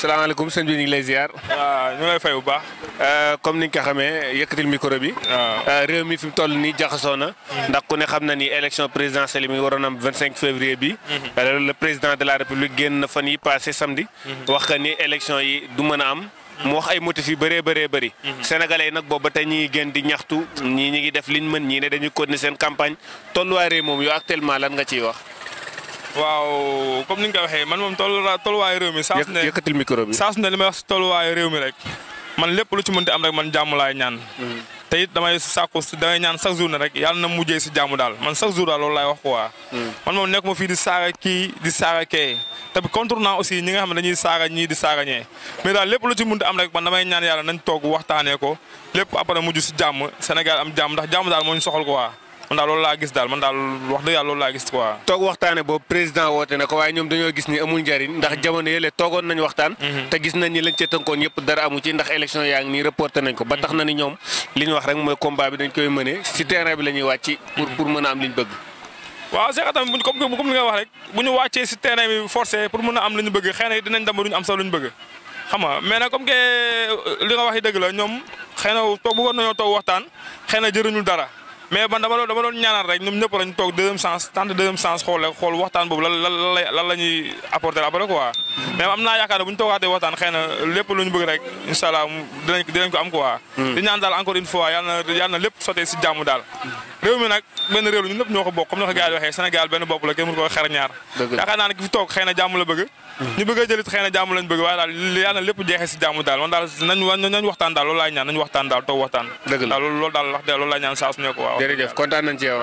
salaamaaleykum seen bi ñu ngi lay ziar. waaw ñu lay fay bu baax. Euh, comme niñ ko xamee yëkkatil micro bi. Euh, réew mi fi mu toll nii jaxasoo na. Hmm. ndax ku ne xam na ni élection présidentielle mi waroon am 25 février bi. Hmm. Euh, le président de la république génn na fan yi passé hmm. wax que ni élection yi du mën a am. mu wax ay motifs yu bëree bëree bëri. sénégalais yi nag boobu ba tey ñi génn di ñaxtu ñii ñi ngi def liñ mën ñii ne dañuy continuer seen campagne tolluwaay réew moom yow actuellement lan nga ciy wax. waaw comme ni nga ko waxee man moom toll waay réew mi. saa su ne yëkkatil micro bi saa su li may wax si tolluwaayu réew mi rek. man lépp lu ci mënti am rek man jàmm laay ñaan. Mm-hmm. tey damay sàkku si damay ñaan chaque jour ne rek yàlla na mujjee si jàmm daal man chaque jour daal loolu laay wax quoi. Mm-hmm. man moom nekk ma fii di saaga kii di saaga kee. te contre naa aussi ñi nga xam ne dañuy saaga ñii di saaga ñee mais daal lép lu ci mënti am rek man damay ñaan yàlla nañ toog waxtaanee ko lépp après muj si jàmm Sénégal am jàmm ndax jàmm daal moo ñu soxal quoi. man daal loolu laa gis daal man daal wax dëgg yàlla loolu laa gis quoi. toog waxtaane boobu président woote na ko waaye ñoom dañoo gis ni amul njariñ ndax jamono yële toogoon nañ waxtaan mhm. te gis nañ ni lañ cee tënkoon yëpp dara amu ci ndax élection yaa ngi nii reporté nañ ko ba tax na ni ñoom li ñu wax rek mooy pour pour a am liñ bëgg waaw Cheikh comme comme li nga wax rek bu ñu wàccee si terrain bi forcé a am lu ñu na dinañ dem ñu euh, yi dëgg la ñoom xëy toog bëggoon nañoo toog waxtaan xëy jëriñul dara mais man dama doon dama doon ñaanal rek ñoom ñëpp lañ toog deuxième sens tente deuxième sens xool rek xool waxtaan boobu lan ñuy apporter après quoi. mais am naa yaakaar ne bu ñu toogaatee waxtaan xëy na lépp lu si jàmm daal. réew mi nag benn réew la ñun ñoo ko bokk comme ni ko gars benn bopp la kenn mënu ko xar ñaar. dëgg ki fi toog xëy na jàmm la bëgg. Hmm. ñu bëgg a jëlit xëy na jàmm lañ bëgg waaye daal yàlla na lépp si jàmm daal man daal nañ waxtaan daal loolu jërëjëf kontaan nañ ci